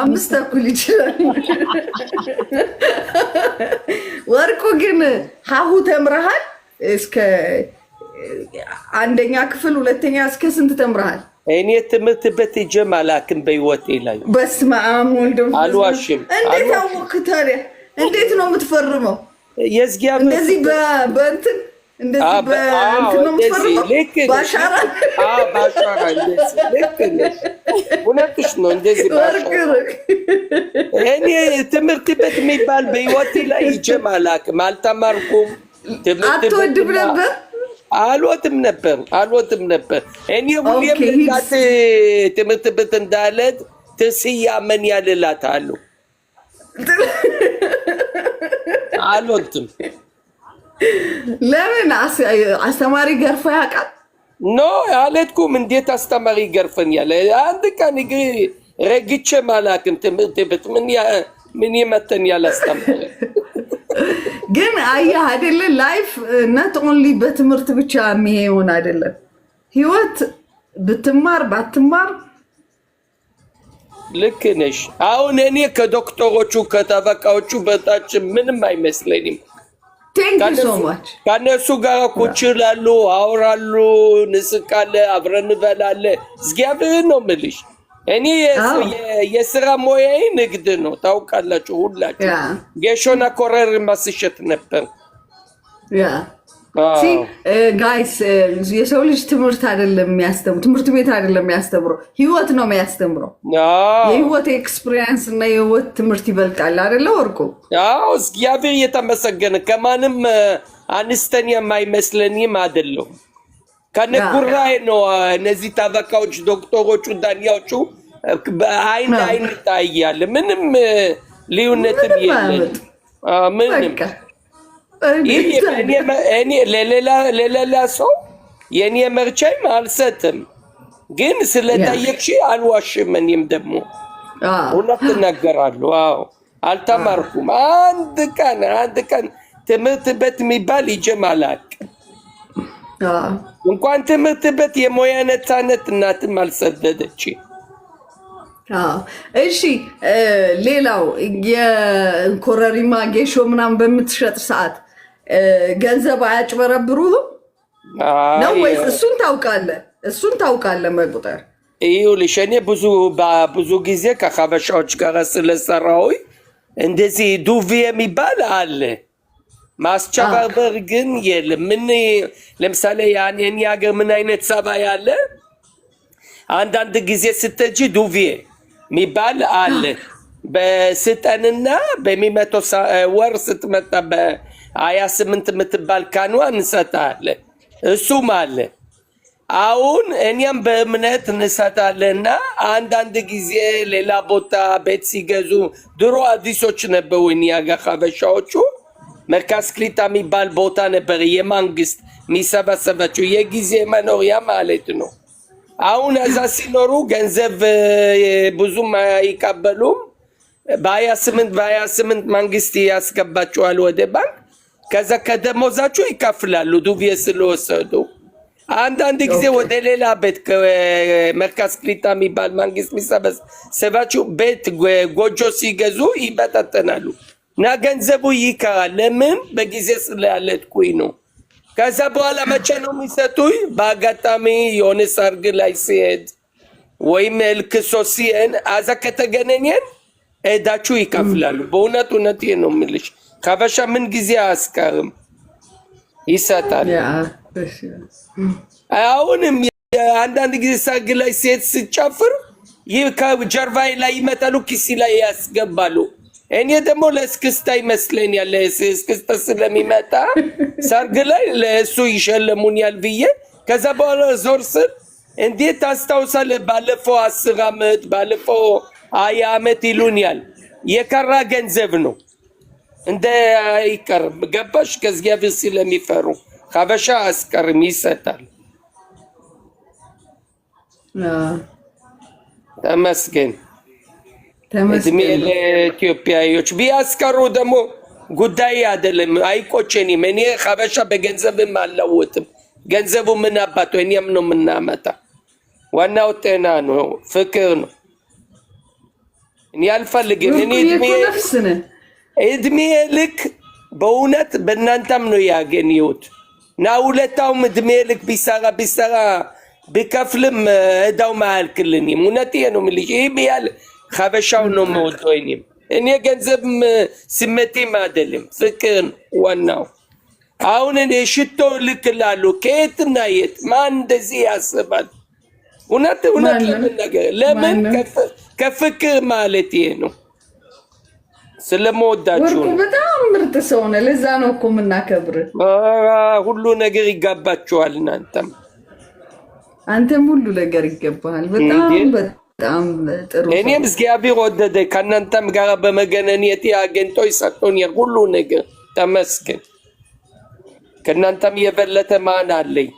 አምስት ተኩል ይችላል። ወርቁ ግን ሀሁ ተምረሃል እስከ አንደኛ ክፍል ሁለተኛ እስከ ስንት ተምረሃል? እኔ ትምህርት ቤት ሄጄም አላውቅም በህይወቴ ላይ። በስመ አብ ወልድ አልዋሽም። እንዴት አወቅህ ታዲያ? እንዴት ነው የምትፈርመው? የእግዚአብሔር እንደዚህ በእንትን ሁለትሽ ነው እንደዚህ። እኔ ትምህርት ቤት የሚባል በህይወቴ ላይ ይጀም አላውቅም፣ አልተማርኩም። አትወድም ነበር? አልወድም ነበር፣ አልወድም ነበር። እኔ ሁሌም ልላት ትምህርት ቤት እንዳለት ትስያ ያልላት አሉ አልወድም ለምን አስተማሪ ገርፎ ያውቃል? ኖ አልሄድኩም። እንዴት አስተማሪ ገርፈኛል? አንድ ቀን እግሬ ረግቼ አላውቅም። ትምህርት ቤት ምን ይመተኛል አስተማሪ? ግን አየህ አይደለ ላይፍ ነት ኦንሊ በትምህርት ብቻ የሚሆን አይደለም። ህይወት ብትማር ባትማር ልክ ነሽ። አሁን እኔ ከዶክተሮቹ ከተበቃዎቹ በታች ምንም አይመስለኝም። ከነሱ ጋር ቁጭ ላሉ አውራሉ፣ ንስቃለ፣ አብረን እንበላለ። እግዚአብሔርን ነው የምልሽ። እኔ የስራ ሞያዬ ንግድ ነው። ታውቃላችሁ ሁላችሁ። ጌሾና ኮረር ማስሸት ነበር። ጋይስ uh, uh, የሰው ልጅ ትምህርት አይደለም የሚያስተምሩ ትምህርት ቤት አይደለም የሚያስተምረው፣ ህይወት ነው የሚያስተምረው። የህይወት ኤክስፒሪየንስ እና የህይወት ትምህርት ይበልጣል አይደለ ወርቁ? አዎ እግዚአብሔር እየተመሰገነ ከማንም uh, አነስተኛ የማይመስለኝም አይደለሁም። ከነጉራይ ነው እነዚህ ጠበቃዎች፣ ዶክተሮቹ፣ ዳንያዎቹ አይን አይን ይታያል። ምንም ልዩነትም የለም ምንም ለሌላ ሰው የእኔ መርቻይም አልሰጥም፣ ግን ስለጠየቅሽ አልዋሽም። እኔም ደግሞ እውነት ትናገራለሁ። አዎ አልተማርኩም። አንድ ቀን አንድ ቀን ትምህርት ቤት የሚባል ይጀም አላውቅም። እንኳን ትምህርት ቤት የሙያ ነፃነት እናትም አልሰደደች። እሺ፣ ሌላው የኮረሪማ ጌሾ ምናምን በምትሸጥ ሰዓት ገንዘብ አያጭበረብሩም ነው ወይስ? እሱን ታውቃለ እሱን ታውቃለ መቁጠር ይኸውልሽ እኔ ብዙ ብዙ ጊዜ ከሀበሻዎች ጋር ስለሰራው እንደዚህ ዱቪ የሚባል አለ። ማስቸባበር ግን የለም። ምን ለምሳሌ የእኔ ሀገር ምን አይነት ጸባይ አለ? አንዳንድ ጊዜ ስትሄጂ ዱቪ የሚባል አለ። በስጠንና በሚመቶ ወር ስትመጣ ሀያ ስምንት የምትባል ካንዋ እንሰጣለን። እሱም አለ አሁን እኛም በእምነት እንሰጣለንና አንዳንድ ጊዜ ሌላ ቦታ ቤት ሲገዙ ድሮ አዲሶች ነበሩ። እኛ ጋር ሀበሻዎቹ መርካዝ የሚባል ቦታ ነበር የመንግስት የሚሰበሰባቸው የጊዜ መኖሪያ ማለት ነው። አሁን እዛ ሲኖሩ ገንዘብ ብዙም አይቀበሉም። በሀያ ስምንት በሀያ ስምንት መንግስት ያስገባቸዋል ወደ ባንክ ከዛ ከደሞዛቸው ይካፍላሉ። ዱቤ ስለወሰዱ አንዳንድ ጊዜ ወደ ሌላ ቤት መርካስ ክሪታ የሚባል መንግስት የሚሰበስ ሰባችሁ ቤት ጎጆ ሲገዙ ይበጣጠናሉ እና ገንዘቡ ይከራል። ለምን በጊዜ ስላለትኩኝ ነው። ከዛ በኋላ መቼ ነው የሚሰጡ? በአጋጣሚ የሆነ ሰርግ ላይ ሲሄድ ወይም ልክሶ ሲሄን አዛ ከተገነኘን እዳችሁ ይካፍላሉ። በእውነት እውነት ነው የምልሽ ከበሻ ምን ጊዜ አያስቀርም ይሰጣል። አሁንም አንዳንድ ጊዜ ሰርግ ላይ ሴት ስጨፍር ይህ ከጀርባዬ ላይ ይመጣሉ፣ ኪሲ ላይ ያስገባሉ። እኔ ደግሞ ለእስክስታ ይመስለኛል እስክስታ ስለሚመጣ ሰርግ ላይ ለእሱ ይሸለሙኛል ብዬ ከዛ በኋላ ዞር ስል እንዴት ታስታውሳለህ? ባለፈው አስር ዓመት ባለፈው ሀያ ዓመት ይሉኛል። የከራ ገንዘብ ነው እንዳይቀርም ገባሽ። ከዚያ ስለሚፈሩ ሀበሻ አስቀርም ይሰጣል። ተመስገን እድሜ ለኢትዮጵያዎች። ቢያስቀሩ ደግሞ ጉዳይ አይደለም፣ አይቆጨኝም። እኔ ሀበሻ በገንዘብም አላወጥም። ገንዘቡ ምን አባቱ እኛም ነው የምናመጣ። ዋናው ጤና ነው፣ ፍቅር ነው። እኔ አልፈልግም እኔ እድሜ ልክ በእውነት በእናንተም ነው ያገኘሁት እና ሁለታውም እድሜ ልክ ቢሰራ ቢሰራ ብከፍልም እዳውም አያልክልኝም። እውነቴን ነው የምልሽ። ይህ ያህል ሀበሻው ነው የምወደው። እኔም እኔ ገንዘብ ስሜቴም አይደለም ፍቅር ዋናው። አሁን እኔ ሽቶ እልክልሃለሁ ከየትና የት። ማን እንደዚህ ያስባል? እውነት እውነት ለምን ነገር ለምን ከፍቅር ማለት ይሄ ነው ስለመወዳችሁ በጣም ምርጥ ሰው ለዛ ነው እኮ የምናከብር። ሁሉ ነገር ይጋባችኋል። እናንተም አንተም ሁሉ ነገር ይገባሃል። በጣም በጣም ጥሩ። እኔም እግዚአብሔር ወደደ ከእናንተም ጋር በመገናኘቴ አገኝቶ ይሰጡኛል ሁሉ ነገር። ተመስገን። ከእናንተም የበለጠ ማን አለኝ?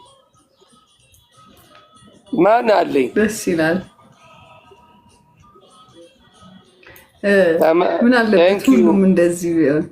ማን አለኝ? ደስ ይላል። ምን አለበት ሁሉም እንደዚህ ቢሆን።